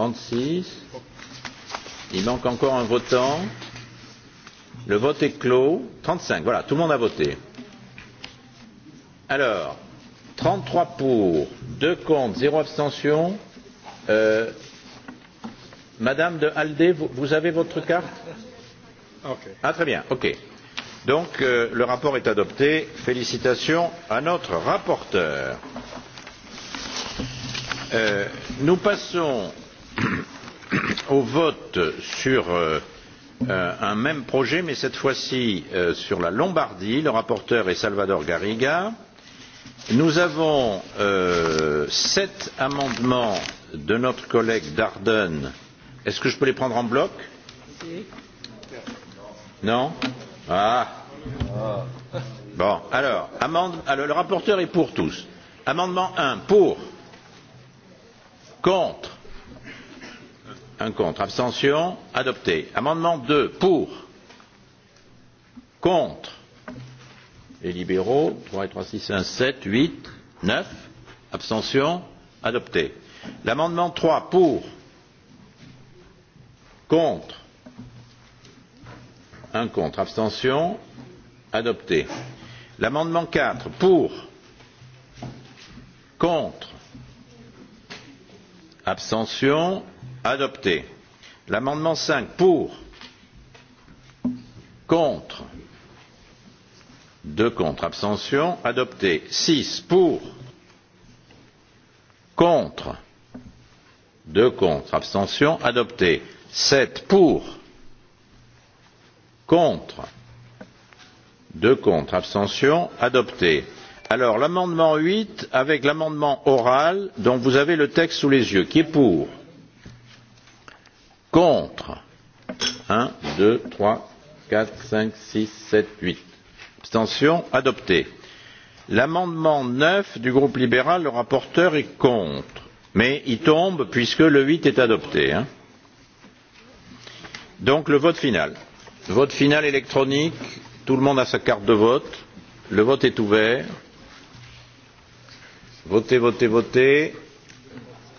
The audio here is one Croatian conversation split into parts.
36. Il manque encore un votant. Le vote est clos. 35. Voilà, tout le monde a voté. Alors, 33 pour, deux contre, zéro abstention. Euh, Madame de Halde, vous, avez votre carte Ah, très bien, ok. Donc, euh, le rapport est adopté. Félicitations à notre rapporteur. Euh, nous passons au vote sur euh, euh, un même projet, mais cette fois ci euh, sur la Lombardie, le rapporteur est Salvador Garriga. Nous avons sept amendements de notre collègue Darden. Est ce que je peux les prendre en bloc? Non? Ah. Bon, alors le rapporteur est pour tous. Amendement un pour contre un contre abstention adopté amendement deux pour contre les libéraux trois et trois six un sept huit neuf abstention adopté l'amendement trois pour contre un contre abstention adopté l'amendement quatre pour contre abstention adopté l'amendement cinq pour contre deux contre abstention adopté six pour contre deux contre abstention adopté sept pour contre deux contre abstention adopté alors l'amendement huit avec l'amendement oral dont vous avez le texte sous les yeux qui est pour? Contre. 1, 2, 3, 4, 5, 6, 7, 8. Abstention adopté. L'amendement 9 du groupe libéral, le rapporteur est contre. Mais il tombe puisque le 8 est adopté. Hein. Donc le vote final. Vote final électronique. Tout le monde a sa carte de vote. Le vote est ouvert. Votez, votez, votez.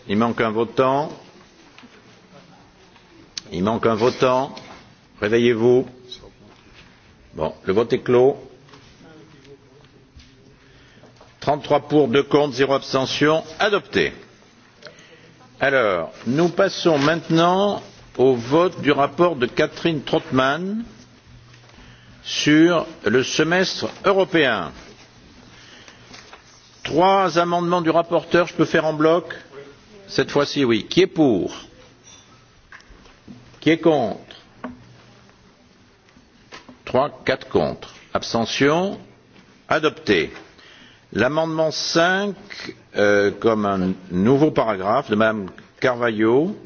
Il manque un votant. Il manque un votant. Réveillez-vous. Bon, le vote est clos. 33 pour, 2 contre, 0 abstention. Adopté. Alors, nous passons maintenant au vote du rapport de Catherine Trottmann sur le semestre européen. Trois amendements du rapporteur, je peux faire en bloc Cette fois-ci, oui. Qui est pour qui est contre trois quatre contre abstention adopté l'amendement cinq euh, comme un nouveau paragraphe de mme carvalho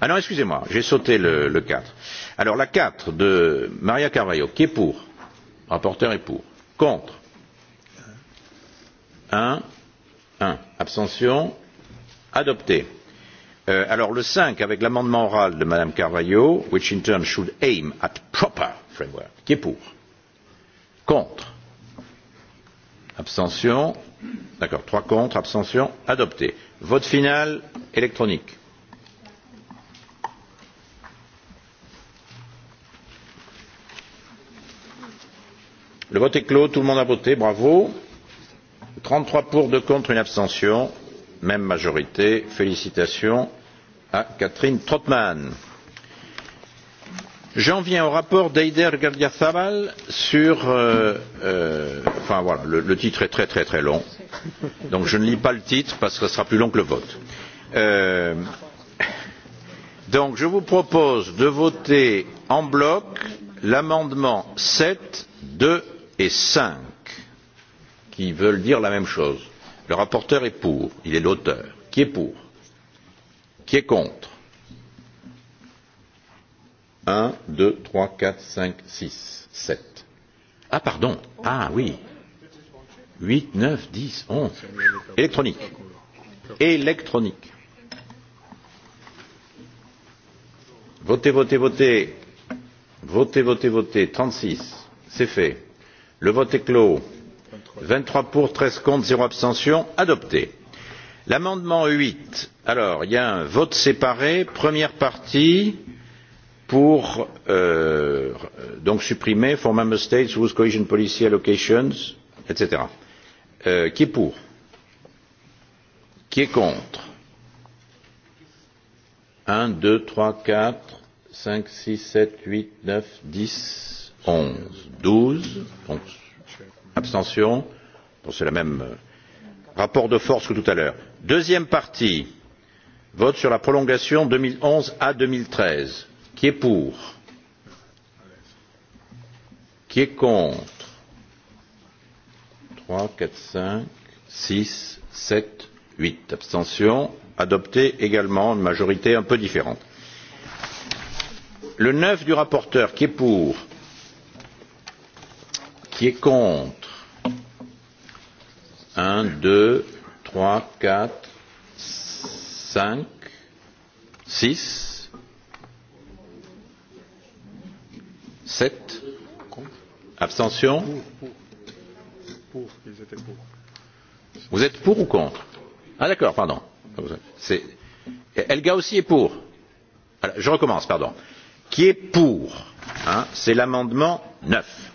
ah non excusez moi j'ai sauté le, le quatre alors la 4 de maria carvalho qui est pour le rapporteur est pour contre un un abstention adopté Euh, alors le cinq avec l'amendement oral de mme carvalho which in turn should aim at proper framework qui est pour? contre? abstention? d'accord trois contre abstention adopté. vote final électronique. le vote est clos tout le monde a voté bravo trente trois pour deux contre une abstention même majorité félicitations Ah, Catherine trautmann. J'en viens au rapport d'Eider Gardiazabal sur... Euh, euh, enfin voilà, le, titre est très très très long. Donc je ne lis pas le titre parce que ce sera plus long que le vote. Euh, donc je vous propose de voter en bloc l'amendement 7, deux et 5 qui veulent dire la même chose. Le rapporteur est pour, il est l'auteur. Qui est pour qui est contre 1, 2, 3, 4, 5, 6, 7. Ah, pardon. Ah, oui. 8, 9, 10, 11. Électronique. Électronique. Votez, votez, votez. Votez, votez, votez. 36. C'est fait. Le vote est clos. 23 pour, 13 contre, 0 abstention. Adopté l'amendement huit alors il y a un vote séparé première partie pour euh, supprimer for member states whose cohesion policy allocations etc. Euh, qui est pour? qui est contre? un deux trois quatre cinq six sept huit neuf dix onze douze abstentions c'est la même euh, rapport de force que tout à l'heure. deuxième partie vote sur la prolongation deux mille onze à deux mille treize qui est pour? qui est contre? trois quatre cinq six sept huit abstentions adopté également une majorité un peu différente. le neuf du rapporteur qui est pour? qui est contre? 1, 2, 3, 4, 5, 6, 7, abstention. Vous êtes pour ou contre Ah d'accord, pardon. Elga aussi est pour. Alors, je recommence, pardon. Qui est pour C'est l'amendement 9.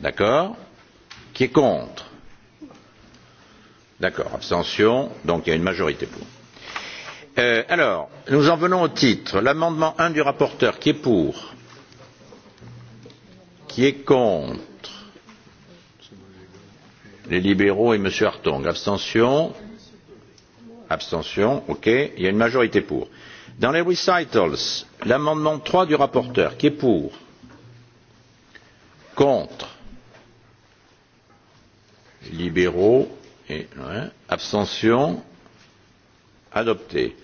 D'accord Qui est contre D'accord, abstention, donc il y a une majorité pour. Euh, alors, nous en venons au titre. L'amendement 1 du rapporteur, qui est pour Qui est contre Les libéraux et M. Hartong. Abstention Abstention, ok. Il y a une majorité pour. Dans les recitals, l'amendement 3 du rapporteur, qui est pour Contre Libéraux abstention adopté.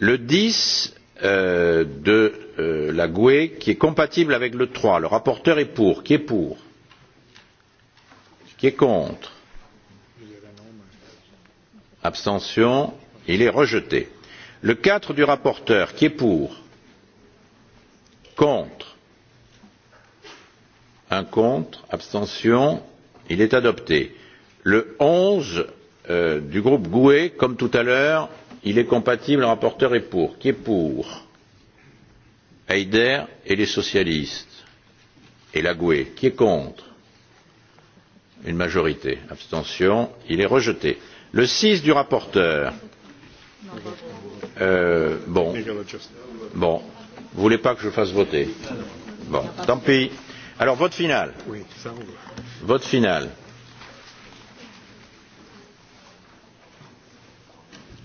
le dix euh, de euh, la gue qui est compatible avec le trois le rapporteur est pour qui est pour qui est contre abstention il est rejeté. le quatre du rapporteur qui est pour contre un contre abstention il est adopté le onze euh, du groupe gue comme tout à l'heure il est compatible le rapporteur est pour qui est pour heider et les socialistes et la gue qui est contre une majorité abstention il est rejeté le six du rapporteur euh, bon bon vous voulez pas que je fasse voter bon tant pis alors vote final vote final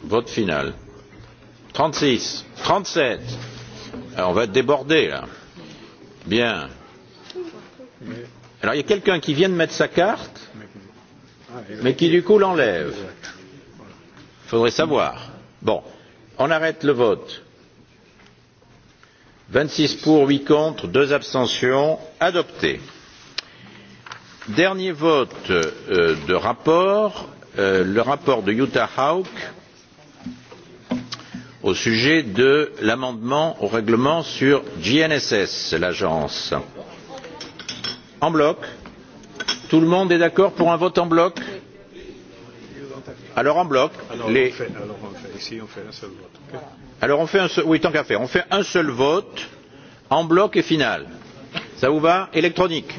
vote final. trente six trente sept ah, on va être débordé là. bien. alors il y a quelqu'un qui vient de mettre sa carte mais qui du coup l'enlève. il faudrait savoir. bon on arrête le vote. vingt six pour huit contre deux abstentions adopté. dernier vote euh, de rapport euh, le rapport de Utah Hawk au sujet de l'amendement au règlement sur GNSS, l'agence. En bloc Tout le monde est d'accord pour un vote en bloc Alors en bloc Alors on fait un seul... Oui, tant qu'à faire. On fait un seul vote, en bloc et final. Ça vous va Électronique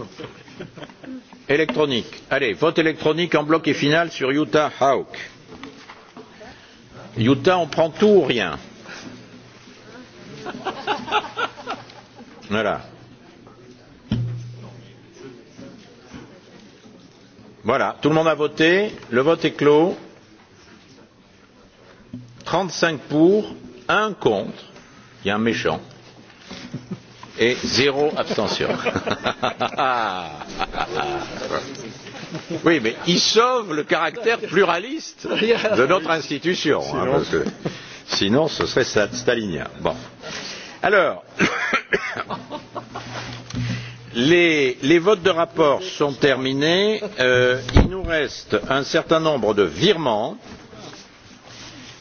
électronique. Allez, vote électronique en bloc et final sur Utah Hawk. Utah, on prend tout ou rien Voilà. Voilà, tout le monde a voté, le vote est clos. 35 pour, 1 contre, il y a un méchant, et zéro abstention. Ah, ah, ah. Oui, mais il sauve le caractère pluraliste de notre institution, parce que sinon ce serait stalinien. Bon. Alors, les, les votes de rapport sont terminés. Euh, il nous reste un certain nombre de virements.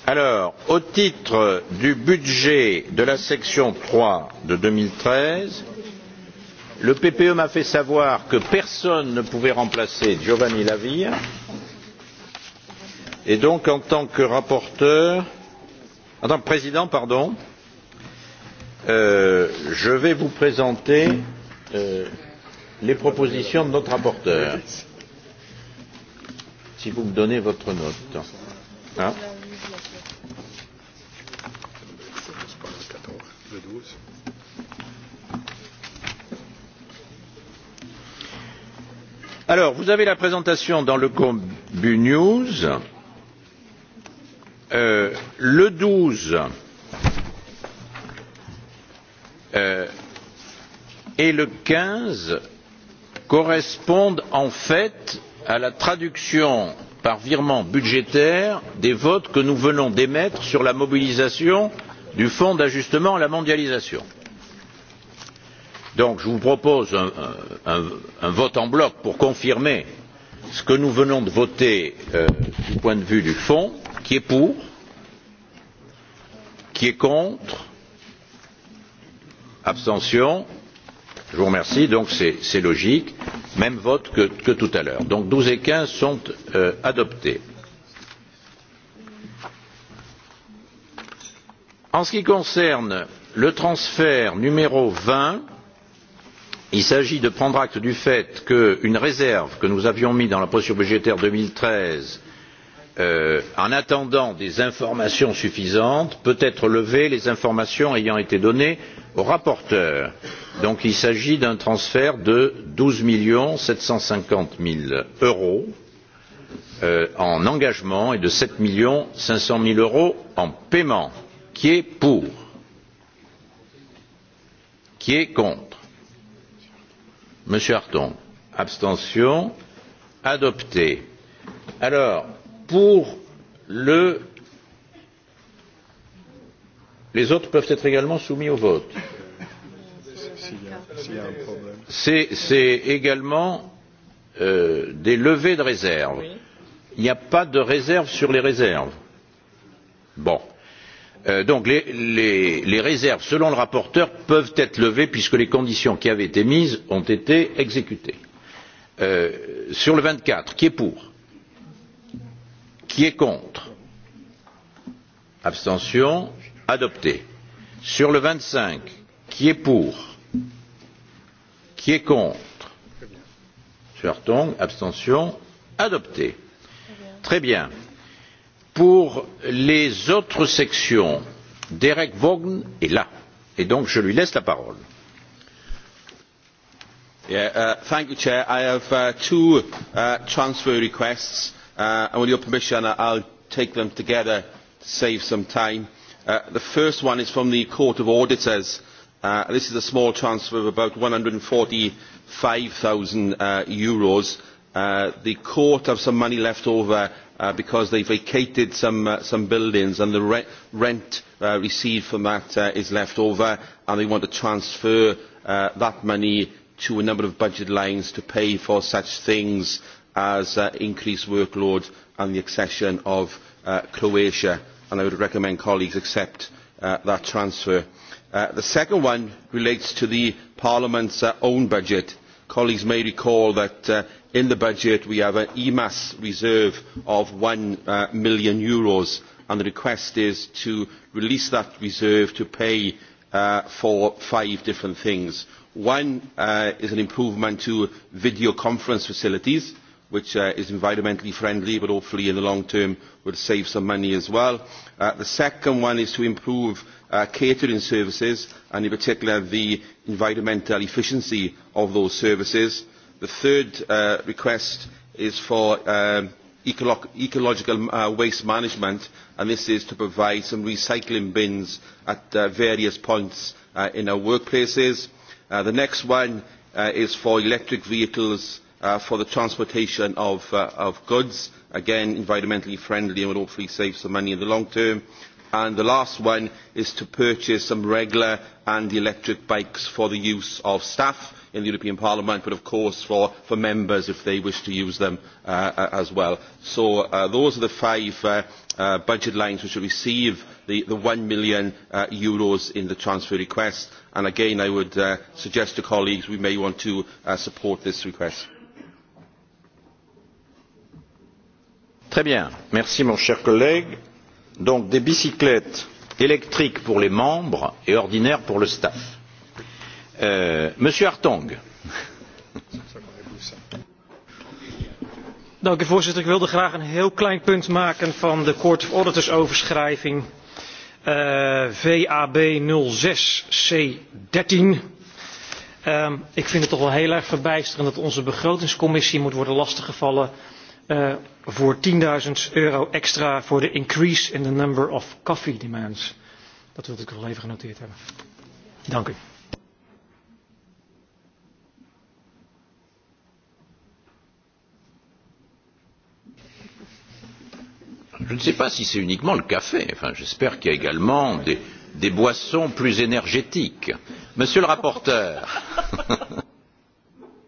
Alors, au titre du budget de la section 3 de 2013, le ppe m'a fait savoir que personne ne pouvait remplacer giovanni la via et donc en tant que rapporteur en tant que président pardon euh, je vais vous présenter euh, les propositions de notre rapporteur si vous me donnez votre note. Alors, vous avez la présentation dans le Combu News. Euh, le 12 euh, et le 15 correspondent en fait à la traduction par virement budgétaire des votes que nous venons d'émettre sur la mobilisation du fonds d'ajustement à la mondialisation donc je vous propose un, vote en bloc pour confirmer ce que nous venons de voter euh, du point de vue du fond qui est pour qui est contre abstention je vous remercie donc c'est logique même vote que, tout à l'heure donc douze et quinze sont euh, adoptés. en ce qui concerne le transfert numéro vingt il s'agit de prendre acte du fait qu'une réserve que nous avions mise dans la procédure budgétaire deux mille treize euh, en attendant des informations suffisantes peut être levée les informations ayant été données au rapporteur. donc il s'agit d'un transfert de douze sept cent cinquante euros euh, en engagements et de sept cinq cents euros en paiements. qui est pour? qui est contre? Monsieur Harton. Abstention. Adopté. Alors, pour le... Les autres peuvent être également soumis au vote. C'est également euh, des levées de réserves. Il n'y a pas de réserve sur les réserves. Bon. Euh, donc les, réserves selon le rapporteur peuvent être levées puisque les conditions qui avaient été mises ont été exécutées. Euh, sur le vingt quatre qui est pour? qui est contre? abstention adopté. sur le vingt cinq qui est pour? qui est contre? monsieur hartong abstention adopté. très bien pour les autres sections derek vaughan est là et donc je lui laisse la parole. Uh, thank you, Chair. I have uh, two uh, transfer requests, and with your permission, I'll take them together to save some time. the first one is from the Court of Auditors. this is a small transfer of about €145,000. Euros. the Court have some money left over Uh, because they vacated some, uh, buildings and the rent uh, received from that is left over and they want to transfer that money to a number of budget lines to pay for such things as increased workload and the accession of Croatia. And I would recommend colleagues accept that transfer. The second one relates to the Parliament's own budget. Colleagues may recall that in the budget we have an emas reserve of eur one uh, million and the request is to release that reserve to pay uh, for five different things. one uh, is an improvement to video conference facilities which is environmentally friendly but hopefully in the long term will save some money as well. the second one is to improve catering services and in particular the environmental efficiency of those services the third uh, request is for um, ecological uh, waste management and this is to provide some recycling bins at uh, various points in our workplaces. the next one is for electric vehicles for the transportation of, of goods again environmentally friendly and will hopefully save some money in the long term and the last one is to purchase some regular and electric bikes for the use of staff in the European Parliament, but of course for, for members if they wish to use them uh, uh as well. So uh, those are the five uh, uh budget lines which will receive the, the 1 million uh, euros in the transfer request. And again, I would suggest to colleagues we may want to support this request. Très bien. Merci mon cher collègue. Donc des bicyclettes électriques pour les membres et ordinaires pour le staff Euh, Dank u voorzitter. Ik wilde graag een heel klein punt maken van de Court of Auditors overschrijving VAB 06 C13. ik vind het toch wel heel erg verbijsterend dat onze begrotingscommissie moet worden lastiggevallen eh, voor voor 10.000 euro extra voor de increase in the number of coffee demands. Dat wilde ik wel even genoteerd hebben. Dank u. je ne sais pas si c'est uniquement le café enfin j'espère qu'il y a également des, des boissons plus énergétiques monsieur le rapporteur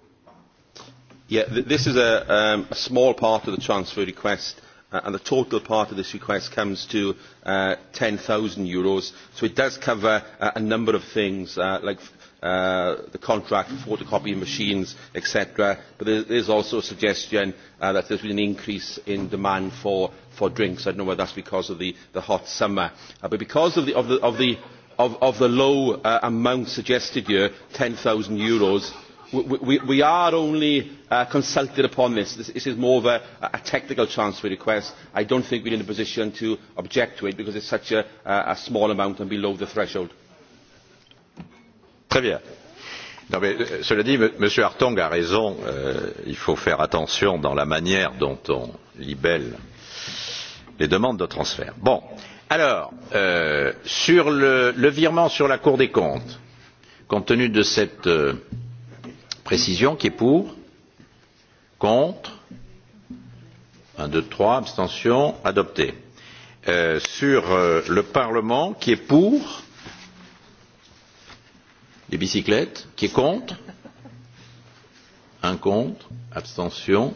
yeah, this is um, a, small part of the transfer request uh, and the total part of this request comes to uh, 10,000 euros. So it does cover uh, a number of things, uh, like Uh, the contract for photocopying machines etc but there is also a suggestion uh, that there has been an increase in demand for, for drinks. i do not know whether that is because of the, hot summer uh, but because of the, of the, of the, low amount suggested here eur ten we, we, are only consulted upon this. this. is more of a, technical transfer request. i do not think we are in a position to object to it because it is such a small amount and below the threshold. Très bien. Non, mais, euh, cela dit, M. Hartong a raison, euh, il faut faire attention dans la manière dont on libelle les demandes de transfert. Bon, alors, euh, sur le, virement sur la Cour des comptes, compte tenu de cette précision qui est pour, contre, 1, 2, 3, abstention, adopté. Sur le Parlement qui est pour, des bicyclettes qui est contre un contre abstention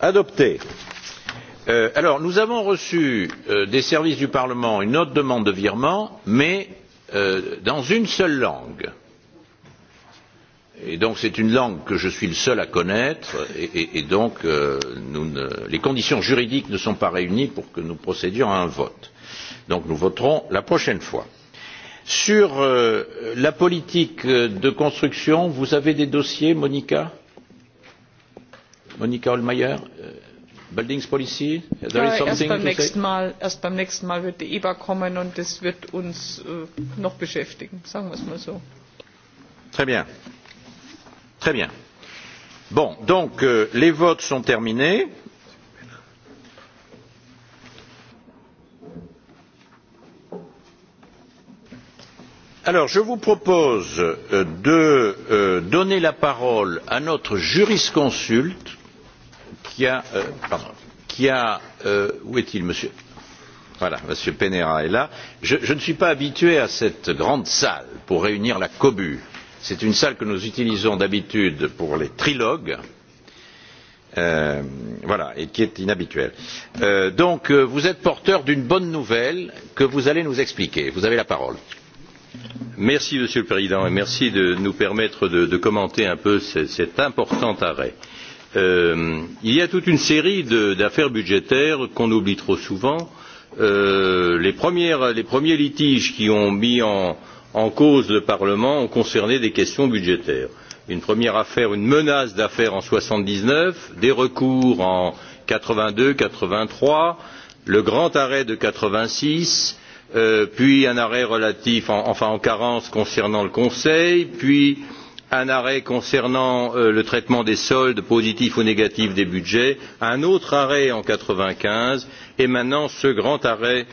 adopté euh, alors nous avons reçu euh, des services du parlement une autre demande de virement mais euh, dans une seule langue et donc c'est une langue que je suis le seul à connaître et, et, et donc nous ne, les conditions juridiques ne sont pas réunies pour que nous procédions à un vote donc nous voterons la prochaine fois sur euh, la politique euh, de construction vous avez des dossiers monika monika hohlmeier euh, buildings policy there something erst beim, nächsten mal, erst beim nächsten mal wird die eba kommen und das wird uns äh, noch beschäftigen sagen wir es mal so. très bien. Très bien. Bon, donc les votes sont terminés Alors, je vous propose euh, de euh, donner la parole à notre jurisconsulte qui a, euh, pardon, qui a où est il monsieur voilà monsieur Penera est là je, ne suis pas habitué à cette grande salle pour réunir la cobu c'est une salle que nous utilisons d'habitude pour les trilogues voilà et qui est inhabituelle. donc vous êtes porteur d'une bonne nouvelle que vous allez nous expliquer vous avez la parole. Merci, Monsieur le Président, et merci de nous permettre de, commenter un peu cet, important arrêt. Euh, il y a toute une série d'affaires budgétaires qu'on oublie trop souvent. Euh, les, premiers litiges qui ont mis en, en cause le Parlement ont concerné des questions budgétaires. Une première affaire, une menace d'affaires en soixante dix neuf, des recours en quatre-vingt-deux, quatre-vingt-trois, le grand arrêt de quatre-vingt-six Euh, puis un arrêt relatif enfin en carence concernant le conseil puis un arrêt concernant euh, le traitement des soldes positifs ou négatifs des budgets un autre arrêt en quatre vingt quinze et maintenant ce grand arrêt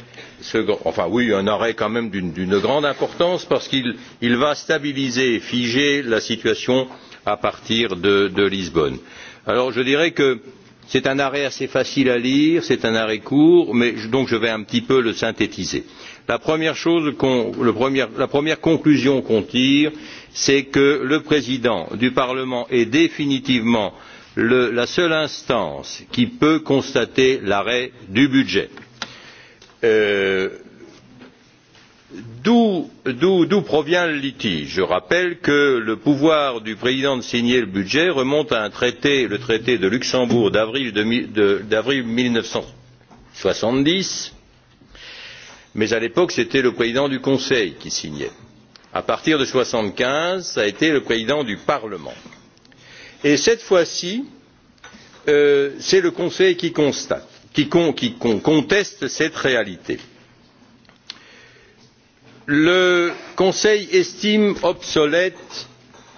enfin oui un arrêt quand même d'une grande importance parce qu'il va stabiliser et figer la situation à partir de, lisbonne. alors je dirais que c'est un arrêt assez facile à lire c'est un arrêt court mais donc je vais un petit peu le synthétiser la première, conclusion qu'on tire c'est que le président du parlement est définitivement la seule instance qui peut constater l'arrêt du budget. Euh, d'où provient le litige? je rappelle que le pouvoir du président de signer le budget remonte à un traité le traité de luxembourg d'avril mille neuf cent soixante dix mais à l'époque c'était le président du conseil qui signait. à partir de mille neuf cent soixante quinze cela a été le président du parlement et cette fois ci euh, c'est le conseil qui, constate, conteste cette réalité. le conseil estime obsolète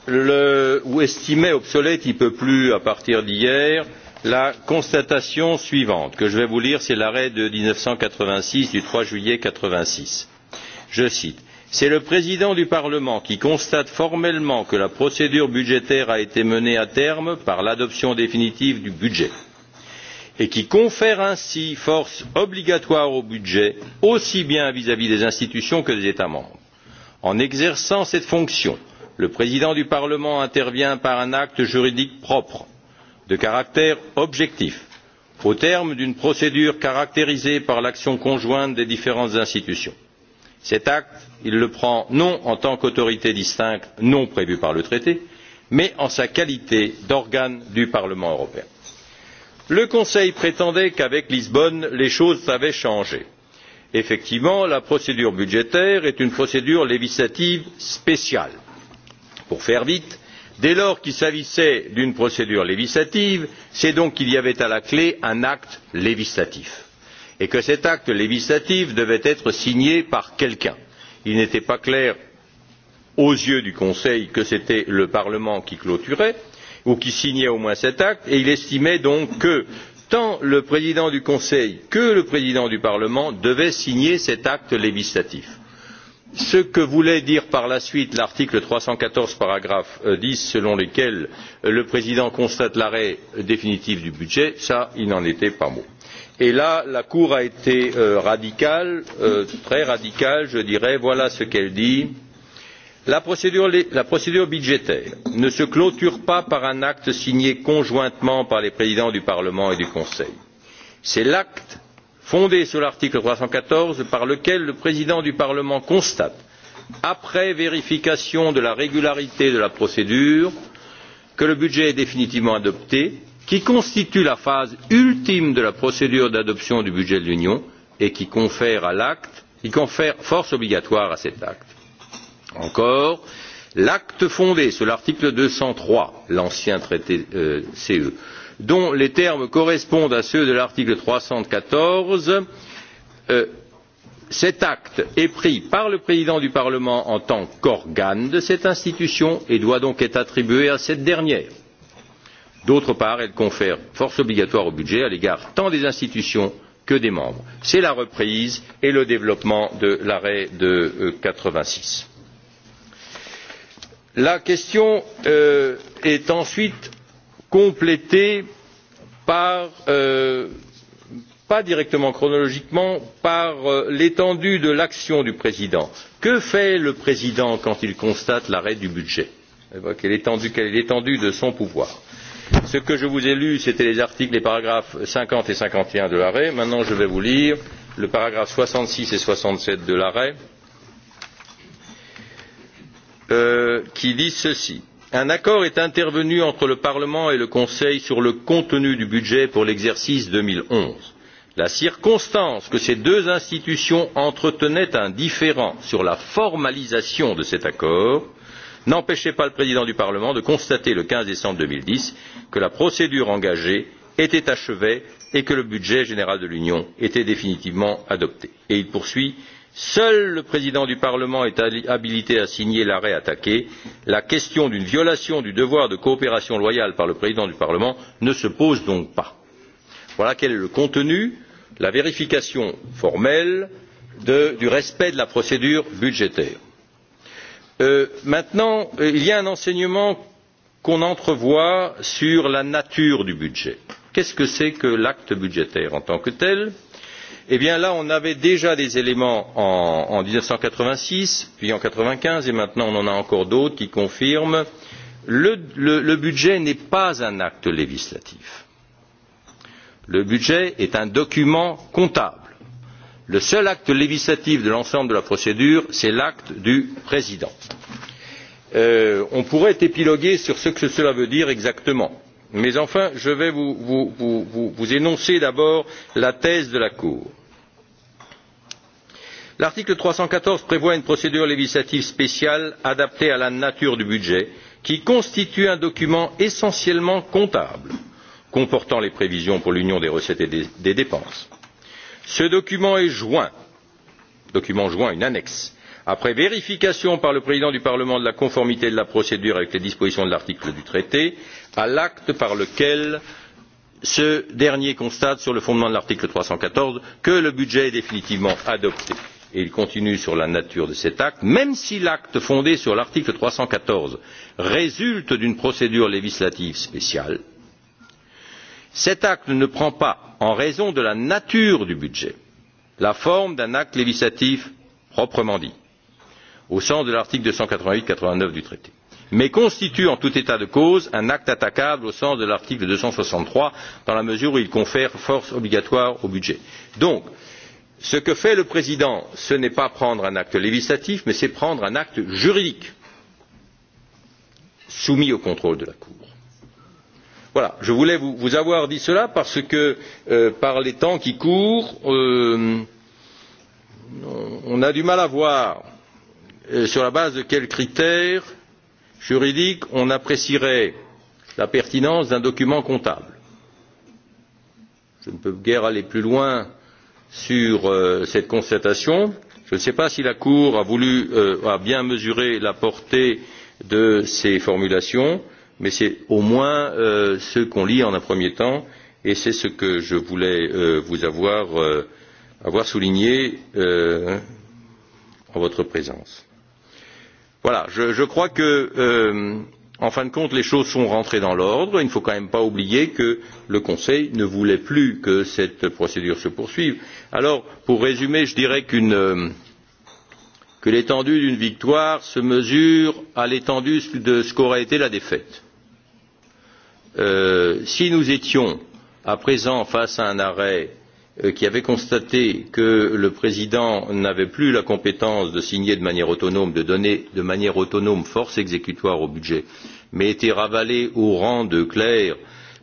le, ou estimait obsolète il ne peut plus à partir d'hier la constatation suivante que je vais vous lire c'est l'arrêt de mille neuf cent quatre vingt six du trois juillet quatre vingt six je cite c'est le président du parlement qui constate formellement que la procédure budgétaire a été menée à terme par l'adoption définitive du budget et qui confère ainsi force obligatoire au budget aussi bien vis à vis des institutions que des états membres. en exerçant cette fonction le président du parlement intervient par un acte juridique propre de caractère objectif au terme d'une procédure caractérisée par l'action conjointe des différentes institutions. cet acte il le prend non en tant qu'autorité distincte non prévue par le traité mais en sa qualité d'organe du parlement européen. le conseil prétendait qu'avec lisbonne les choses avaient changé. effectivement la procédure budgétaire est une procédure législative spéciale. pour faire vite dès lors qu'il s'agissait d'une procédure législative c'est donc qu'il y avait à la clé un acte législatif et que cet acte législatif devait être signé par quelqu'un. il n'était pas clair aux yeux du conseil que c'était le parlement qui clôturait ou qui signait au moins cet acte et il estimait donc que tant le président du conseil que le président du parlement devaient signer cet acte législatif ce que voulait dire par la suite l'article trois cent quatorze paragraphe euh, dix selon lequel euh, le président constate l'arrêt définitif du budget cela il n'en était pas mot. et là la cour a été euh, radicale très radicale je dirais voilà ce qu'elle dit la procédure budgétaire ne se clôture pas par un acte signé conjointement par les présidents du parlement et du conseil c'est l'acte fondée sur l'article trois cent quatorze par lequel le président du parlement constate après vérification de la régularité de la procédure que le budget est définitivement adopté qui constitue la phase ultime de la procédure d'adoption du budget de l'union et qui confère, à l'acte, qui confère force obligatoire à cet acte. encore l'acte fondé sur l'article deux cent trois l'ancien traité euh, ce dont les termes correspondent à ceux de l'article trois cent quatorze euh, cet acte est pris par le président du parlement en tant qu'organe de cette institution et doit donc être attribué à cette dernière. d'autre part elle confère force obligatoire au budget à l'égard tant des institutions que des membres. c'est la reprise et le développement de l'arrêt de. Euh, quatre vingt six la question euh, est ensuite complétée par, euh, pas directement chronologiquement par euh, l'étendue de l'action du président. que fait le président quand il constate l'arrêt du budget? Eh quelle est l'étendue de son pouvoir? ce que je vous ai lu c'était les articles les paragraphes cinquante et cinquante et un de l'arrêt maintenant je vais vous lire le paragraphe soixante six et soixante sept de l'arrêt Euh, qui dit ceci un accord est intervenu entre le parlement et le conseil sur le contenu du budget pour l'exercice deux mille onze la circonstance que ces deux institutions entretenaient un différend sur la formalisation de cet accord n'empêchait pas le président du parlement de constater le quinze décembre deux mille dix que la procédure engagée était achevée et que le budget général de l'union était définitivement adopté. et il poursuit seul le président du parlement est habilité à signer l'arrêt attaqué la question d'une violation du devoir de coopération loyale par le président du parlement ne se pose donc pas. voilà quel est le contenu la vérification formelle du respect de la procédure budgétaire. Euh, maintenant euh, il y a un enseignement qu'on entrevoit sur la nature du budget. qu'est ce que c'est que l'acte budgétaire en tant que tel? eh bien là on avait déjà des éléments en mille neuf cent quatre vingt six puis en quatre vingt quinze et maintenant on en a encore d'autres qui confirment le, le, budget n'est pas un acte législatif le budget est un document comptable. le seul acte législatif de l'ensemble de la procédure c'est l'acte du président. Euh, on pourrait épiloguer sur ce que cela veut dire exactement mais enfin je vais vous, énoncer d'abord la thèse de la cour. l'article trois cent quatorze prévoit une procédure législative spéciale adaptée à la nature du budget qui constitue un document essentiellement comptable comportant les prévisions pour l'union des recettes et des dépenses. ce document est joint document joint une annexe après vérification par le président du parlement de la conformité de la procédure avec les dispositions de l'article du traité à l'acte par lequel ce dernier constate sur le fondement de l'article trois cent quatorze que le budget est définitivement adopté et il continue sur la nature de cet acte même si l'acte fondé sur l'article trois cent quatorze résulte d'une procédure législative spéciale cet acte ne prend pas en raison de la nature du budget la forme d'un acte législatif proprement dit au sens de l'article deux cent quatre vingt huit quatre vingt neuf du traité mais constitue en tout état de cause un acte attaquable au sens de l'article deux cent soixante trois dans la mesure où il confère force obligatoire au budget. donc ce que fait le président ce n'est pas prendre un acte législatif mais c'est prendre un acte juridique soumis au contrôle de la cour. Voilà, je voulais vous, vous avoir dit cela parce que euh, par les temps qui courent euh, on a du mal à voir euh, sur la base de quels critères juridique on apprécierait la pertinence d'un document comptable. je ne peux guère aller plus loin sur euh, cette constatation. je ne sais pas si la cour a, voulu, euh, a bien mesuré la portée de ces formulations mais c'est au moins euh, ce qu'on lit en un premier temps et c'est ce que je voulais vous avoir, avoir souligné en votre présence voilà je, crois que euh, en fin de compte les choses sont rentrées dans l'ordre il ne faut quand même pas oublier que le conseil ne voulait plus que cette procédure se poursuive. alors pour résumer je dirais euh, que l'étendue d'une victoire se mesure à l'étendue de ce qu'aurait été la défaite. Euh, si nous étions à présent face à un arrêt Euh, qui avait constaté que le président n'avait plus la compétence de signer de manière autonome de donner de manière autonome force exécutoire au budget mais était ravalé au rang de clerc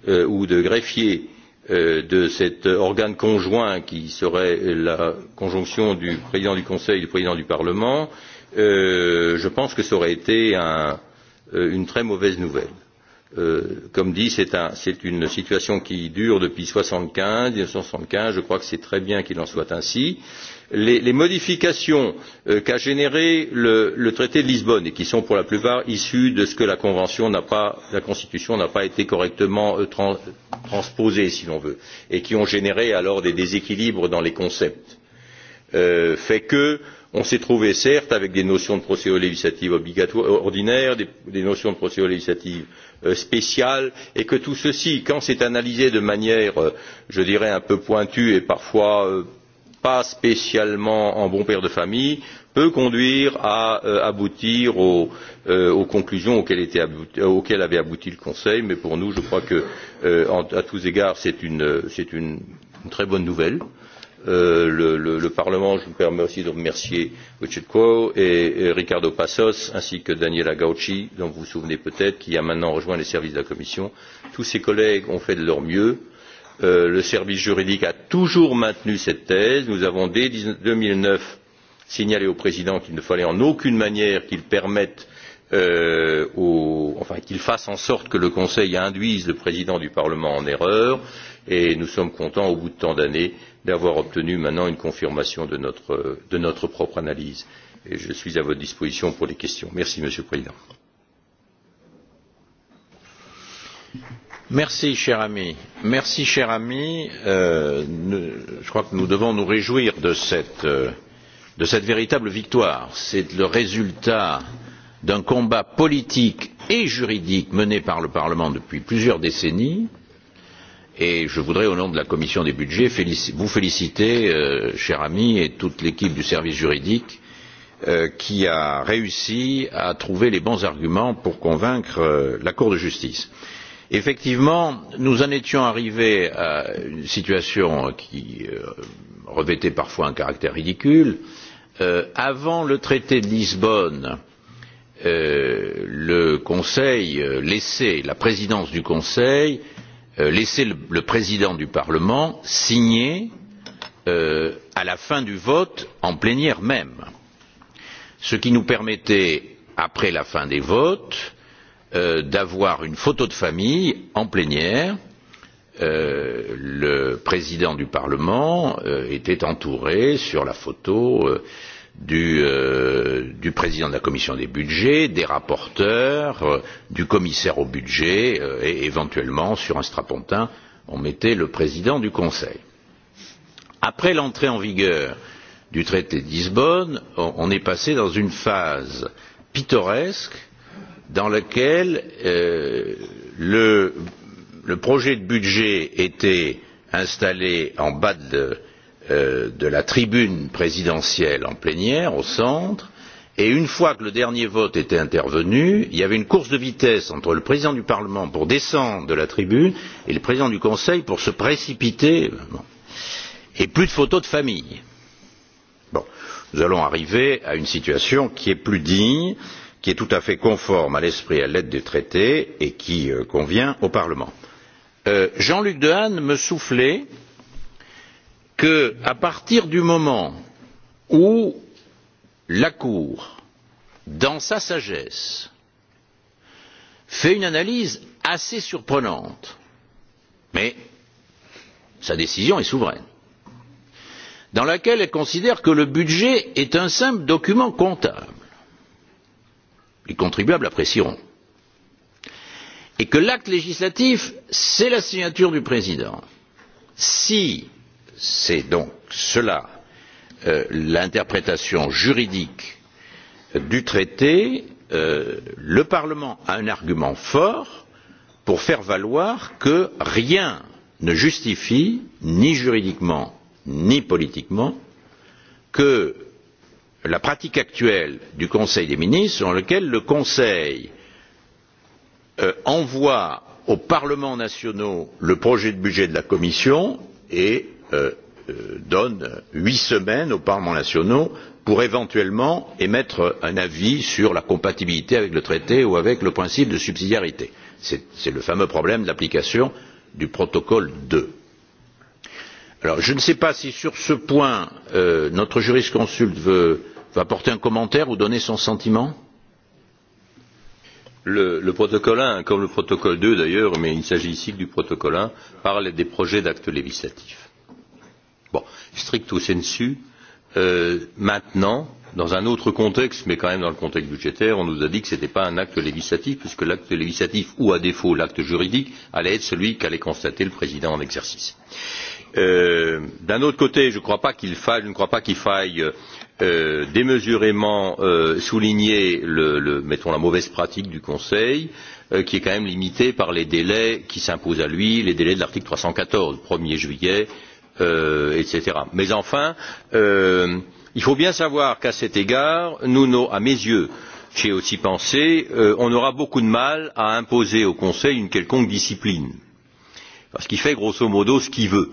euh, ou de greffier euh, de cet organe conjoint qui serait la conjonction du président du conseil et du président du parlement je pense que cela aurait été un, une très mauvaise nouvelle. Euh, comme dit c'est un, une situation qui dure depuis soixante quinze mille neuf cent soixante quinze je crois que c'est très bien qu'il en soit ainsi. les, modifications euh, qu'a générées le, traité de lisbonne et qui sont pour la plupart issues de ce que la, convention pas, la constitution n'a pas été correctement euh, transposée si l'on veut et qui ont généré alors des déséquilibres dans les concepts font fait que on s'est trouvé certes avec des notions de procédure législative euh, ordinaire des, notions de procédure législative euh, spéciale et que tout ceci quand c'est analysé de manière euh, je dirais un peu pointue et parfois pas spécialement en bon père de famille peut conduire à aboutir aux, conclusions auxquelles, avait abouti le conseil mais pour nous je crois que à tous égards c'est une, une très bonne nouvelle. Euh, le, parlement je me permets aussi de remercier Richard et, et ricardo passos ainsi que daniela Gauci, dont vous vous souvenez peut être qui a maintenant rejoint les services de la commission. tous ces collègues ont fait de leur mieux. Euh, le service juridique a toujours maintenu cette thèse. nous avons dès deux mille neuf signalé au président qu'il ne fallait en aucune manière qu'il permette euh, au, enfin qu'il fasse en sorte que le conseil induise le président du parlement en erreur et nous sommes contents au bout de tant d'années d'avoir obtenu maintenant une confirmation de notre, de notre propre analyse et je suis à votre disposition pour les questions. Merci, Monsieur le Président. Merci, cher ami. Merci, cher ami. Euh, je crois que nous devons nous réjouir de cette, euh, de cette véritable victoire. C'est le résultat d'un combat politique et juridique mené par le Parlement depuis plusieurs décennies et je voudrais au nom de la commission des budgets vous féliciter euh, cher ami et toute l'équipe du service juridique euh, qui a réussi à trouver les bons arguments pour convaincre euh, la cour de justice. effectivement nous en étions arrivés à une situation qui revêtait parfois un caractère ridicule avant le traité de lisbonne le conseil laissait la présidence du conseil Euh, laisser le, président du parlement signer euh, à la fin du vote en plénière même ce qui nous permettait après la fin des votes euh, d'avoir une photo de famille en plénière le président du parlement était entouré sur la photo du, euh, du président de la commission des budgets des rapporteurs euh, du commissaire au budget euh, et éventuellement sur un strapontin on mettait le président du conseil. après l'entrée en vigueur du traité de lisbonne on, on est passé dans une phase pittoresque dans laquelle euh, le, le projet de budget était installé en bas de Euh, de la tribune présidentielle en plénière au centre et une fois que le dernier vote était intervenu il y avait une course de vitesse entre le président du parlement pour descendre de la tribune et le président du conseil pour se précipiter et plus de photos de famille. Bon. nous allons arriver à une situation qui est plus digne qui est tout à fait conforme à l'esprit et à l'aide lettre des traités et qui euh, convient au parlement. Euh, jean luc dehaene me soufflait À partir du moment où la cour dans sa sagesse fait une analyse assez surprenante mais sa décision est souveraine dans laquelle elle considère que le budget est un simple document comptable les contribuables apprécieront et que l'acte législatif c'est la signature du président si c'est donc cela euh, l'interprétation juridique du traité euh, le parlement a un argument fort pour faire valoir que rien ne justifie ni juridiquement ni politiquement que la pratique actuelle du conseil des ministres selon laquelle le conseil euh, envoie aux parlements nationaux le projet de budget de la commission et Euh, donne huit semaines aux parlements nationaux pour éventuellement émettre un avis sur la compatibilité avec le traité ou avec le principe de subsidiarité. c'est le fameux problème de l'application du protocole ii. Alors, je ne sais pas si sur ce point euh, notre jurisconsulte veut, apporter un commentaire ou donner son sentiment. Le, protocole i comme le protocole ii d'ailleurs mais il s'agit ici du protocole i parle des projets d'actes législatifs stricto sensu euh, maintenant dans un autre contexte mais quand même dans le contexte budgétaire on nous a dit que ce n'était pas un acte législatif puisque l'acte législatif ou à défaut l'acte juridique allait être celui qu'allait constater le président en exercice. Euh, d'un autre côté je ne crois pas qu'il faille, qu faille euh, démesurément euh, souligner le, le, mettons la mauvaise pratique du conseil euh, qui est quand même limitée par les délais qui s'imposent à lui les délais de l'article 314 1 er juillet Euh, etc. mais enfin euh, il faut bien savoir qu'à cet égard nous à mes yeux j'y ai aussi pensé euh, on aura beaucoup de mal à imposer au conseil une quelconque discipline parce qu'il fait grosso modo ce qu'il veut.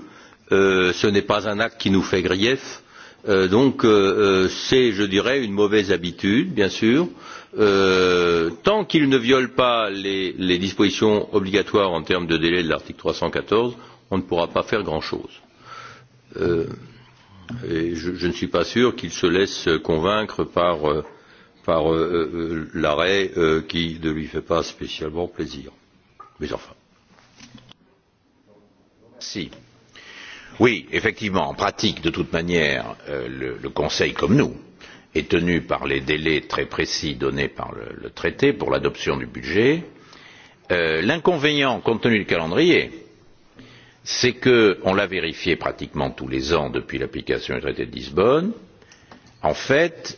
ce n'est pas un acte qui nous fait grief donc c'est je dirais une mauvaise habitude bien sûr tant qu'il ne viole pas les, les dispositions obligatoires en termes de délai de l'article trois cent quatorze on ne pourra pas faire grand chose Euh, et je, je ne suis pas sûr qu'il se laisse convaincre par, euh, par euh, euh, l'arrêt euh, qui ne lui fait pas spécialement plaisir. Mais enfin. Si. Oui, effectivement, en pratique, de toute manière, le, le Conseil, comme nous, est tenu par les délais très précis donnés par le, le traité pour l'adoption du budget. L'inconvénient, compte tenu du calendrier, c'est que on l'a vérifié pratiquement tous les ans depuis l'application du traité de lisbonne en fait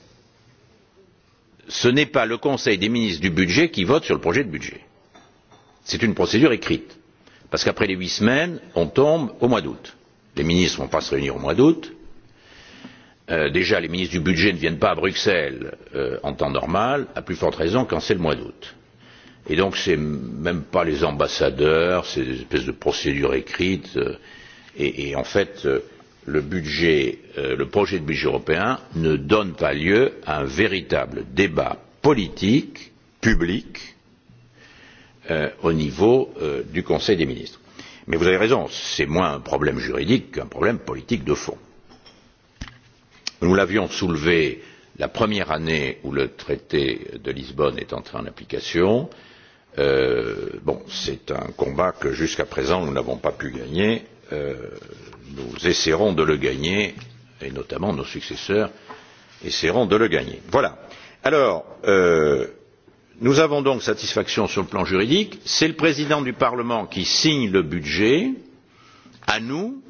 ce n'est pas le conseil des ministres du budget qui vote sur le projet de budget c'est une procédure écrite parce qu'après les huit semaines on tombe au mois d'août les ministres ne vont pas se réunir au mois d'août euh, déjà les ministres du budget ne viennent pas à bruxelles euh, en temps normal à plus forte raison quand c'est le mois d'août. Et donc, ce même pas les ambassadeurs, c'est des espèces de procédures écrites. Euh, et, en fait, euh, le, budget, euh, le projet de budget européen ne donne pas lieu à un véritable débat politique, public, au niveau du Conseil des ministres. Mais vous avez raison, c'est moins un problème juridique qu'un problème politique de fond. Nous l'avions soulevé la première année où le traité de Lisbonne est entré en application Euh, bon, c'est un combat que jusqu'à présent nous n'avons pas pu gagner. Euh, nous essaierons de le gagner et notamment nos successeurs essaieront de le gagner. Voilà. Alors, euh, nous avons donc satisfaction sur le plan juridique. C'est le président du Parlement qui signe le budget. À nous,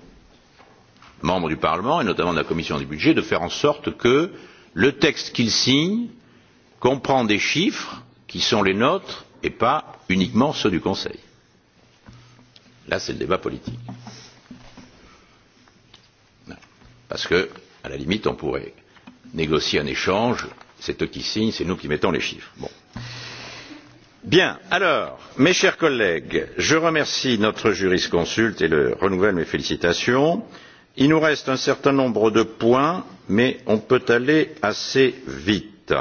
membres du Parlement et notamment de la Commission des budgets, de faire en sorte que le texte qu'il signe comprend des chiffres qui sont les nôtres et pas uniquement ceux du Conseil. Là, c'est le débat politique. Parce que, à la limite, on pourrait négocier un échange, c'est eux qui signent, c'est nous qui mettons les chiffres. Bon. Bien, alors, mes chers collègues, je remercie notre jurisconsulte et le renouvelle mes félicitations. Il nous reste un certain nombre de points, mais on peut aller assez vite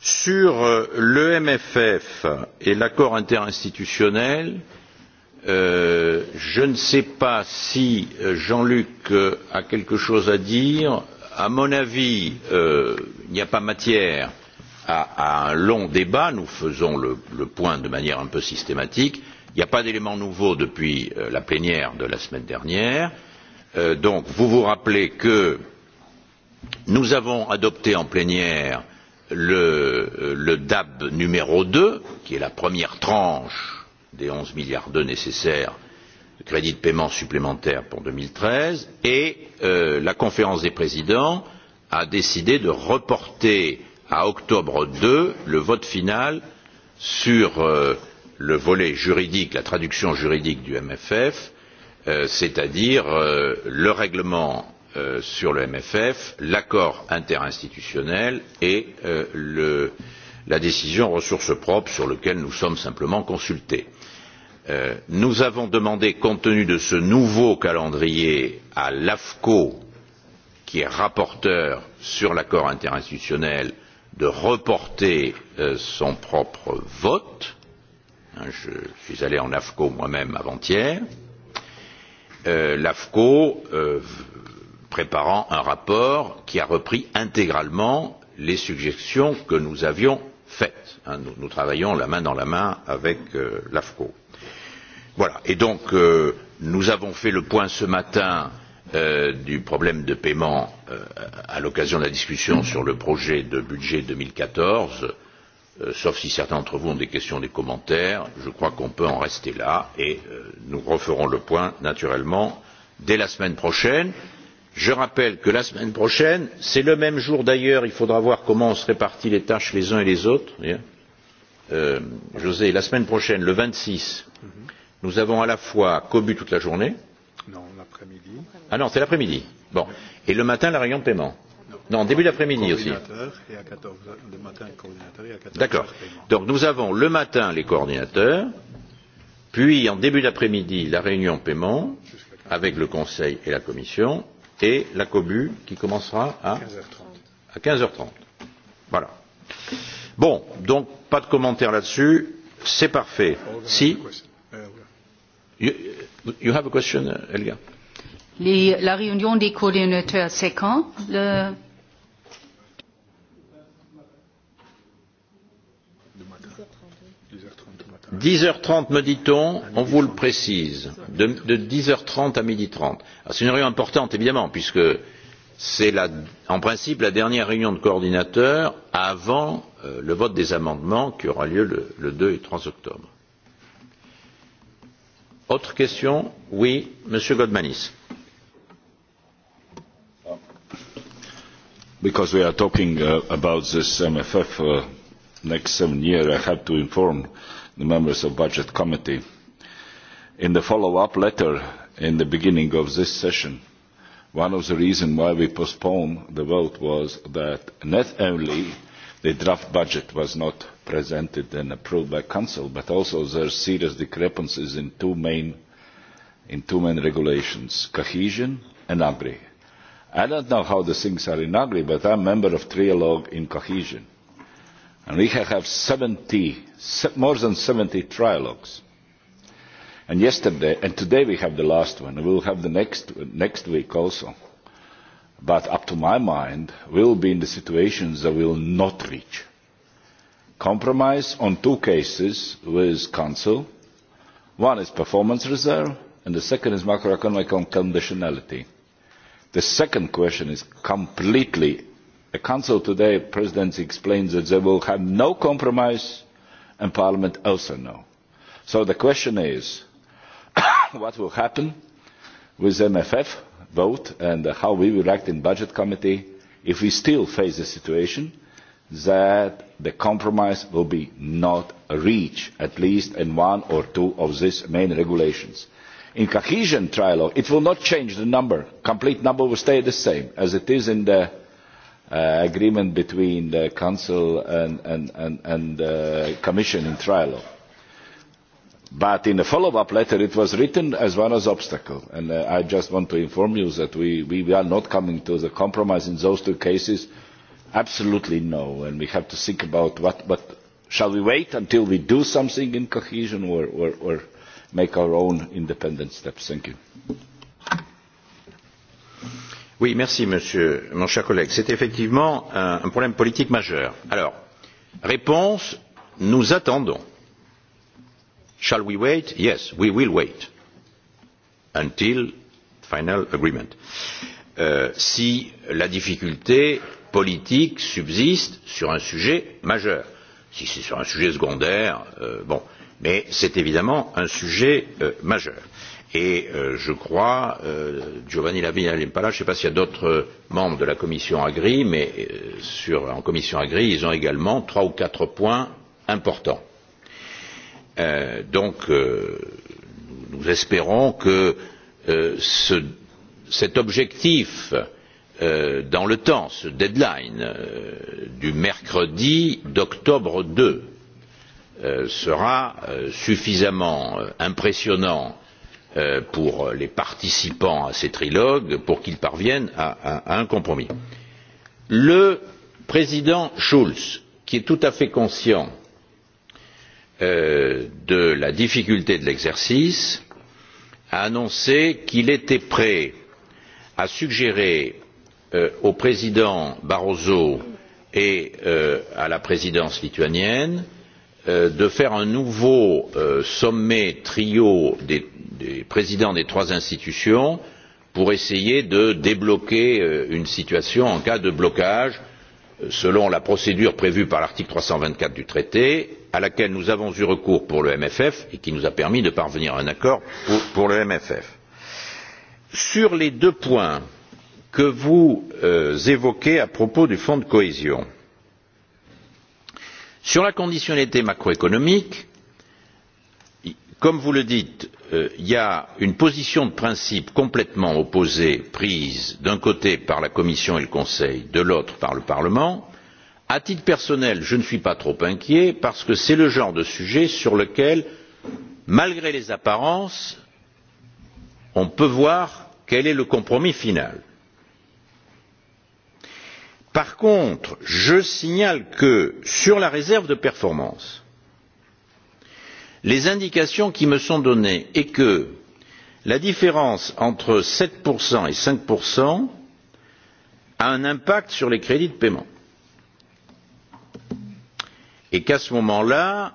sur euh, le MFF et l'accord interinstitutionnel euh, je ne sais pas si euh, jean luc a quelque chose à dire à mon avis il n'y a pas matière à, un long débat nous faisons le, point de manière un peu systématique il n'y a pas d'éléments nouveaux depuis la plénière de la semaine dernière donc vous vous rappelez que nous avons adopté en plénière le, le DAB numéro 2, qui est la première tranche des 11 milliards d'euros nécessaires de crédit de paiement supplémentaire pour 2013, et euh, la conférence des présidents a décidé de reporter à octobre 2 le vote final sur euh, le volet juridique, la traduction juridique du MFF, euh, c'est-à-dire le règlement Euh, sur le MFF, l'accord interinstitutionnel et euh, la décision ressources propres sur lequel nous sommes simplement consultés. Euh, nous avons demandé, compte tenu de ce nouveau calendrier, à l'AFCO, qui est rapporteur sur l'accord interinstitutionnel, de reporter son propre vote. Je suis allé en AFCO moi même avant hier. L'AFCO préparant un rapport qui a repris intégralement les suggestions que nous avions faites. nous, travaillons la main dans la main avec euh, l'AFCO. Voilà. Et donc, euh, nous avons fait le point ce matin euh, du problème de paiement à l'occasion de la discussion mm. sur le projet de budget 2014. Sauf si certains d'entre vous ont des questions, des commentaires, je crois qu'on peut en rester là et nous referons le point naturellement dès la semaine prochaine je rappelle que la semaine prochaine c'est le même jour d'ailleurs il faudra voir comment on se répartit les tâches les uns et les autres euh, josé la semaine prochaine le vingt six nous avons à la fois cobu toute la journée ah non c'est l'après midi bon et le matin la réunion de paiement non début d'après midi aussi d'accord donc nous avons le matin les coordinateurs puis en début d'après midi la réunion paiement avec le conseil et la commission et la COBU qui commencera à 15h30. À 15h30. Voilà. Bon, donc pas de commentaires là-dessus. C'est parfait. Si. Euh, you, have a question, Elia? la réunion des coordinateurs, c'est quand le... dix heures trente me dit on on vous le précise de dix heures trente à midi trente. c'est une réunion importante évidemment puisque c'est en principe la dernière réunion de coordinateurs avant euh, le vote des amendements qui aura lieu le, le 2 et 3 octobre. Autre question Oui, Monsieur Godmanis. Because we are talking uh, about this MFF uh, next seven years, I have to inform the members of budget committee in the follow up letter in the beginning of this session one of the reasons why we postponed the vote was that not only the draft budget was not presented and approved by council but also there are serious discrepancies in two main regulations cohesion and agri i don't know how the things are in agri but i'm a member of trialogue in cohesion and we have 70, more than 70 trialogues. And yesterday, and today we have the last one, and we will have the next, next week also. But up to my mind, we will be in the situation that we will not reach compromise on two cases with Council. One is performance reserve, and the second is macroeconomic conditionality. The second question is completely the council today the presidency explained that they will have no compromise and parliament also no. so the question is what will happen with the mff vote and how we will act in budget committee if we still face the situation that the compromise will be not reached at least in one or two of these main regulations. in cohesion trilogue it will not change the number complete number will stay the same as it is in the uh, agreement between the Council and, and, and, and the uh, Commission in trilogue. But in the follow-up letter, it was written as one as obstacle. And uh, I just want to inform you that we, we are not coming to the compromise in those two cases. Absolutely no. And we have to think about what, what shall we wait until we do something in cohesion or, or, or make our own independent steps. Thank you merci, monsieur, mon cher collègue. C'est effectivement un, problème politique majeur. Alors, réponse, nous attendons. Shall we wait? Yes, we will wait until final agreement. Euh, si la difficulté politique subsiste sur un sujet majeur, si c'est sur un sujet secondaire, euh, bon, mais c'est évidemment un sujet euh, majeur et euh, je crois euh, Giovanni Lavia Limpala, je ne sais pas s'il y a d'autres euh, membres de la commission agri, mais euh, sur, en commission agri, ils ont également trois ou quatre points importants. Donc nous espérons que ce, cet objectif dans le temps, ce deadline du mercredi d'octobre 2 sera suffisamment impressionnant Euh, pour les participants à ces trilogues pour qu'ils parviennent à, un compromis. le président schulz qui est tout à fait conscient euh, de la difficulté de l'exercice a annoncé qu'il était prêt à suggérer euh, au président barroso et à la présidence lituanienne Euh, de faire un nouveau euh, sommet trio des, présidents des trois institutions pour essayer de débloquer euh, une situation en cas de blocage selon la procédure prévue par l'article trois cent vingt quatre du traité à laquelle nous avons eu recours pour le mff et qui nous a permis de parvenir à un accord pour, le mff. sur les deux points que vous évoquez à propos du fonds de cohésion sur la conditionnalité macroéconomique comme vous le dites euh, il y a une position de principe complètement opposée prise d'un côté par la commission et le conseil de l'autre par le parlement. à titre personnel je ne suis pas trop inquiet parce que c'est le genre de sujet sur lequel malgré les apparences on peut voir quel est le compromis final par contre je signale que sur la réserve de performance les indications qui me sont données sont que la différence entre sept et cinq a un impact sur les crédits de paiement et qu'à ce moment là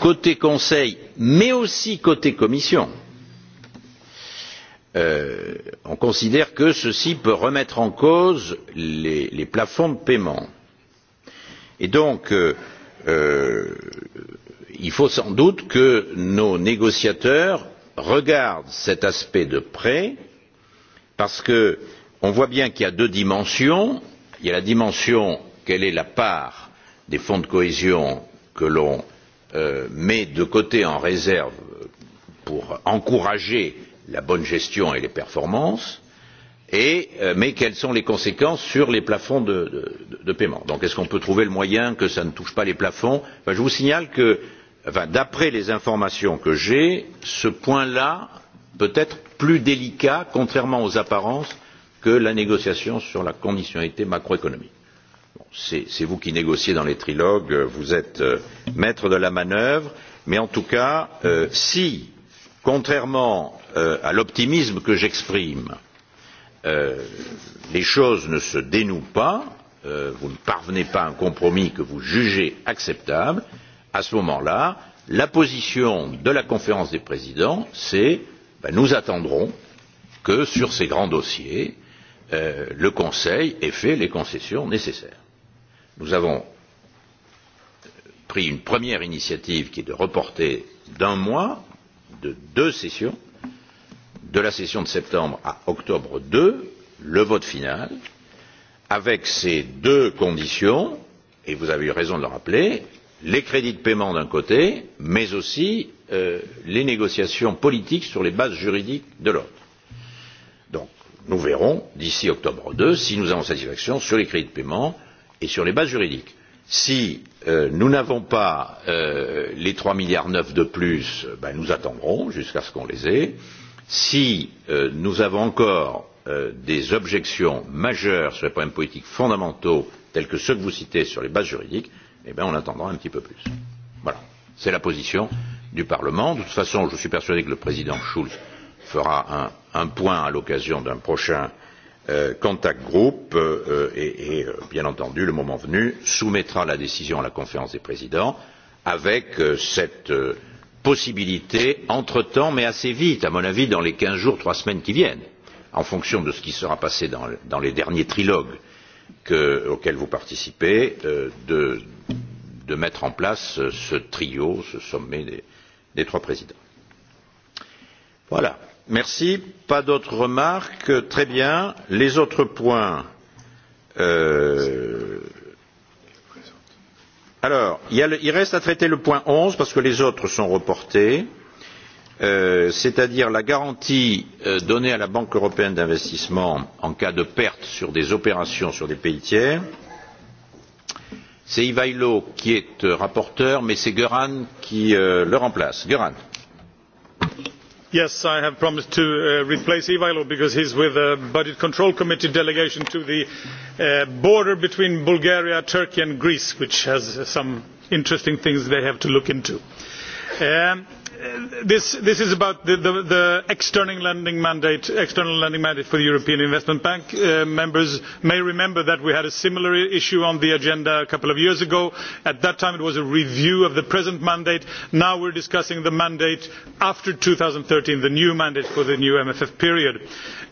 côté conseil mais aussi côté commission Euh, on considère que ceci peut remettre en cause les, plafonds de paiement et donc euh, euh, il faut sans doute que nos négociateurs regardent cet aspect de près parce qu'on voit bien qu'il y a deux dimensions il y a la dimension quelle est la part des fonds de cohésion que l'on met de côté en réserve pour encourager la bonne gestion et les performances et, euh, mais quelles sont les conséquences sur les plafonds de, paiement? donc est ce qu'on peut trouver le moyen que cela ne touche pas les plafonds? je vous signale que d'après les informations que j'ai ce point là peut être plus délicat contrairement aux apparences que la négociation sur la conditionnalité macroéconomique. Bon, c'est vous qui négociez dans les trilogues vous êtes euh, maître de la manœuvre mais en tout cas euh, si contrairement Euh, à l'optimisme que j'exprime. Euh, les choses ne se dénouent pas, euh, vous ne parvenez pas à un compromis que vous jugez acceptable, à ce moment là, la position de la conférence des présidents, c'est ben, nous attendrons que, sur ces grands dossiers, le Conseil ait fait les concessions nécessaires. Nous avons pris une première initiative qui est de reporter d'un mois de deux sessions de la session de septembre à octobre ii le vote final avec ces deux conditions et vous avez eu raison de le rappeler les crédits de paiement d'un côté mais aussi euh, les négociations politiques sur les bases juridiques de l'autre. donc nous verrons d'ici octobre ii si nous avons satisfaction sur les crédits de paiement et sur les bases juridiques. si euh, nous n'avons pas euh, les trois milliards neuf de plus ben, nous attendrons jusqu'à ce qu'on les ait si euh, nous avons encore euh, des objections majeures sur les problèmes politiques fondamentaux tels que ceux que vous citez sur les bases juridiques eh bien on attendra un petit peu plus. voilà c'est la position du parlement. de toute façon je suis persuadé que le président schulz fera un, un point à l'occasion d'un prochain euh, contact groupe et, et bien entendu le moment venu soumettra la décision à la conférence des présidents avec cette possibilité entre temps mais assez vite à mon avis dans les quinze jours trois semaines qui viennent en fonction de ce qui sera passé dans, les derniers trilogues que, auxquels vous participez euh, de, de mettre en place ce trio ce sommet des, trois présidents. voilà merci pas d'autres remarques très bien les autres points euh, alors il, reste à traiter le point onze parce que les autres sont reportés euh, c'est à dire la garantie euh, donnée à la banque européenne d'investissement en cas de perte sur des opérations sur des pays tiers c'est ivailo qui est euh, rapporteur mais c'est Göran qui le remplace. Göran yes i have promised to uh, replace ivailo because he is with the budget control committee delegation to the uh, border between bulgaria turkey and greece which has some interesting things they have to look into. Um, this, is about the, external lending mandate external lending mandate for the european investment bank. Uh, members may remember that we had a similar issue on the agenda a couple of years ago. at that time it was a review of the present mandate. now we are discussing the mandate after two thirteen the new mandate for the new mff period.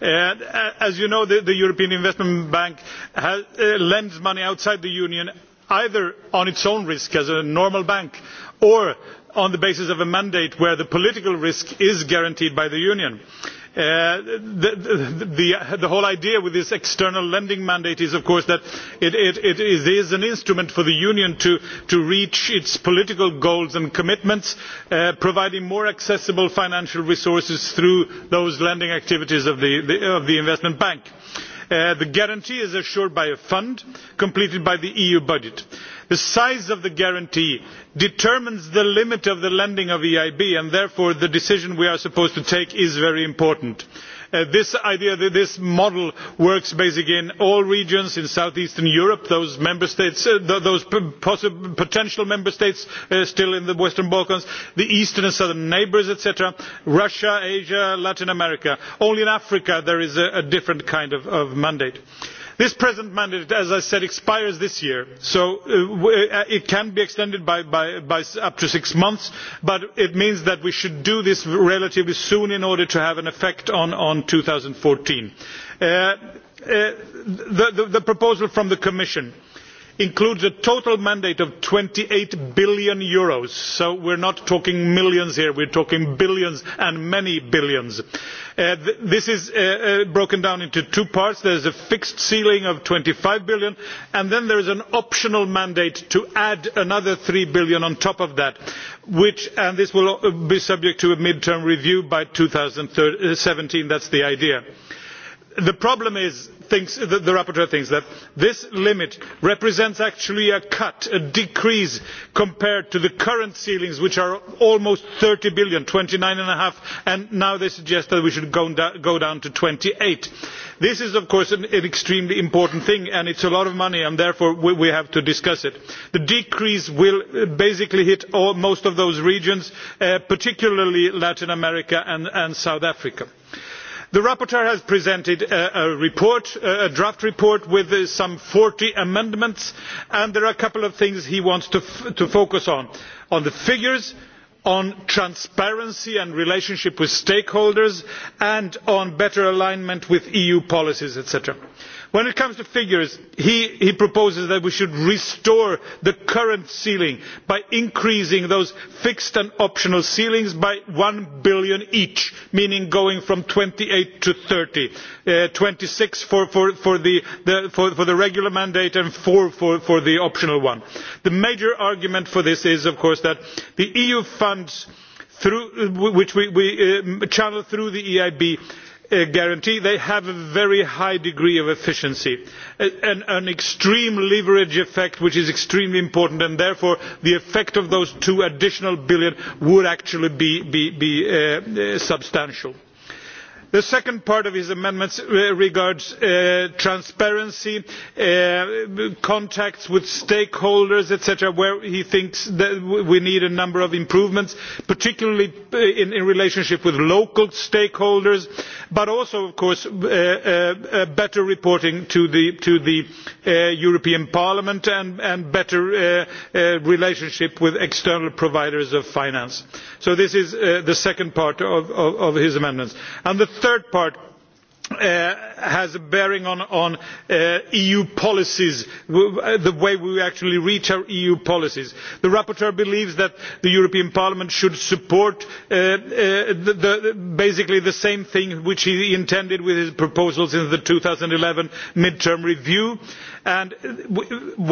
Uh, as you know the, european investment bank uh, lends money outside the union either on its own risk as a normal bank or on the basis of a mandate where the political risk is guaranteed by the union. Uh, the, whole idea with this external lending mandate is of course that it, is an instrument for the union to, reach its political goals and commitments uh, providing more accessible financial resources through those lending activities of the investment bank. Uh, the guarantee is assured by a fund completed by the eu budget. the size of the guarantee determines the limit of the lending of the eib and therefore the decision we are supposed to take is very important. Uh, this idea that this model works basically in all regions in south eastern europe those member states uh, those potential member states uh, still in the western balkans the eastern and southern neighbours etc russia asia latin america. only in africa there is a, different kind of mandate this present mandate as i said expires this year so uh, uh, it can be extended by, up to six months but it means that we should do this relatively soon in order to have an effect on. two thousand and fourteen uh, the proposal from the commission includes a total mandate of eur twenty eight billion so we are not talking millions here we are talking billions and many billions. Uh, this is uh, uh, broken down into two parts there is a fixed ceiling of eur twenty five billion and then there is an optional mandate to add another eur three billion on top of that which and this will be subject to a mid term review by two thousand and seventeen that is the idea. the problem is the, rapporteur thinks that this limit represents actually a cut a decrease compared to the current ceilings which are almost eur thirty billion twenty nine and a half and now they suggest that we should go down, to. twenty eight this is of course an, extremely important thing and it is a lot of money and therefore we, have to discuss it. the decrease will uh, basically hit most of those regions uh, particularly latin america and south africa the rapporteur has presented a, draft report with uh, some forty amendments and there are a couple of things he wants to, to focus on on the figures on transparency and relationship with stakeholders and on better alignment with eu policies etc when it comes to figures he, proposes that we should restore the current ceiling by increasing those fixed and optional ceilings by eur one billion each meaning going from twenty eight to thirty uh, twenty six for the regular mandate and four for, the optional one. the major argument for this is of course that the eu funds uh, which we, uh, channel through the eib Uh, guarantee they have a very high degree of efficiency uh, and an extreme leverage effect which is extremely important and therefore the effect of those two additional billion would actually be, uh, substantial the second part of his amendments uh, regards uh, transparency uh, contacts with stakeholders etc where he thinks that we need a number of improvements particularly in, relationship with local stakeholders but also of course better reporting to the, european parliament and, better relationship with external providers of finance. so this is the second part of, his amendments third part uh, has a bearing on, uh, eu policies uh, the way we actually reach our eu policies. the rapporteur believes that the european parliament should support basically the same thing which he intended with his proposals in the two thousand and eleven mid term review and uh,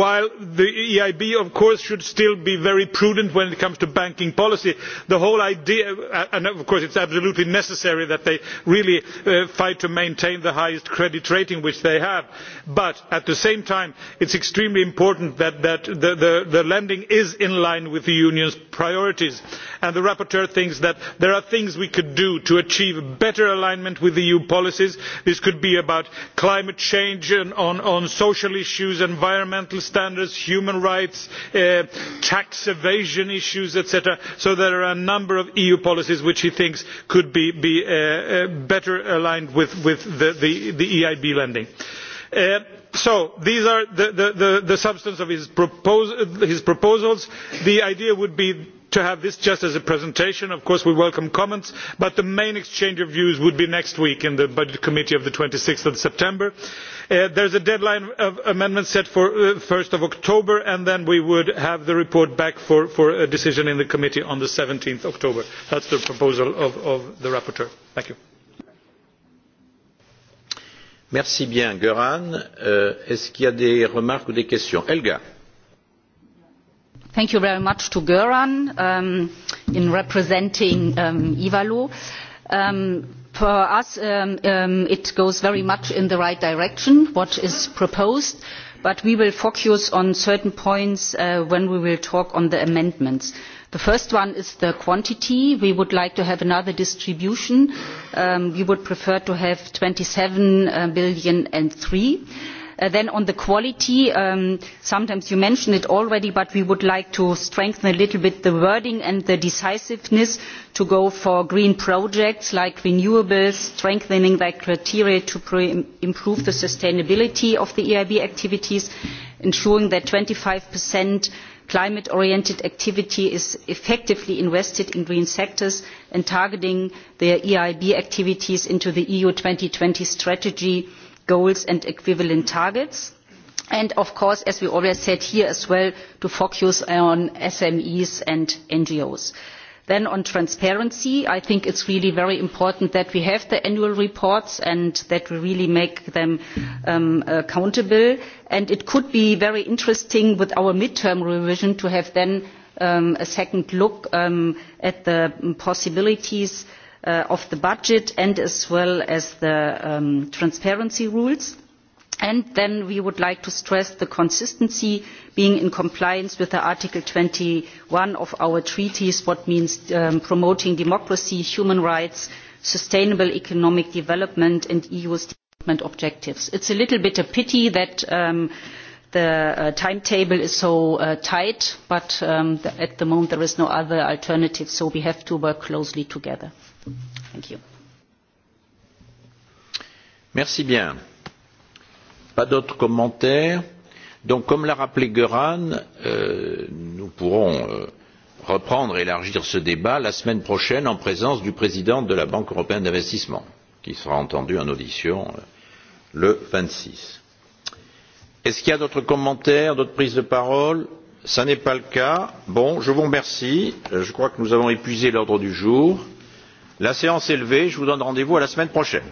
while the eib of course should still be very prudent when it comes to banking policy the whole idea uh, and of course it is absolutely necessary that they really uh, fight to maintain the highest credit rating which they have but at the same time it is extremely important that the lending is in line with the union's priorities and the rapporteur thinks that there are things we could do to achieve better alignment with eu policies. this could be about climate change and on social issues environmental standards human rights uh, tax evasion issues etc. so there are a number of eu policies which he thinks could be, uh, uh, better aligned with, the, eib e lending. so these are the, substance of his, his proposals. the idea would be to have this just as a presentation of course we welcome comments but the main exchange of views would be next week in the budget committee of twenty six september. Uh, there is a deadline of amendments set for uh, one october and then we would have the report back for, a decision in the committee on seventeen october. that is the proposal of, the rapporteur. thank you. merci bien euh, est ce qu'il y a des remarques ou des questions? thank you very much to Göran um, in representing um, Ivalo. Um, for us, it goes very much in the right direction, what is proposed, but we will focus on certain points uh, when we will talk on the amendments. The first one is the quantity. We would like to have another distribution. We would prefer to have 27 seven uh, billion and three. Uh, then on the quality um, sometimes you mentioned it already but we would like to strengthen a little bit the wording and the decisiveness to go for green projects like renewables strengthening their criteria to improve the sustainability of the eib activities ensuring that twenty five climate oriented activity is effectively invested in green sectors and targeting the eib activities into the eu two thousand and twenty strategy goals and equivalent targets and of course as we always said here as well to focus on smes and ngos. then on transparency i think it is really very important that we have the annual reports and that we really make them um, accountable and it could be very interesting with our mid term revision to have then um, a second look um, at the possibilities Uh, of the budget and as well as the um, transparency rules and then we would like to stress the consistency being in compliance with article twenty one of our treaties what means um, promoting democracy human rights sustainable economic development and eu development objectives. it is a little bit of a pity that um, the uh, timetable is so uh, tight but at the moment there is no other alternative so we have to work closely together. Thank Merci bien. Pas d'autres commentaires. Donc, comme l'a rappelé Göran, euh, nous pourrons euh, reprendre et élargir ce débat la semaine prochaine en présence du président de la Banque européenne d'investissement, qui sera entendu en audition euh, le vingt six. Est ce qu'il y a d'autres commentaires, d'autres prises de parole? Ce n'est pas le cas. Bon, je vous remercie. Je crois que nous avons épuisé l'ordre du jour la séance est levée je vous donne rendez vous à la semaine prochaine.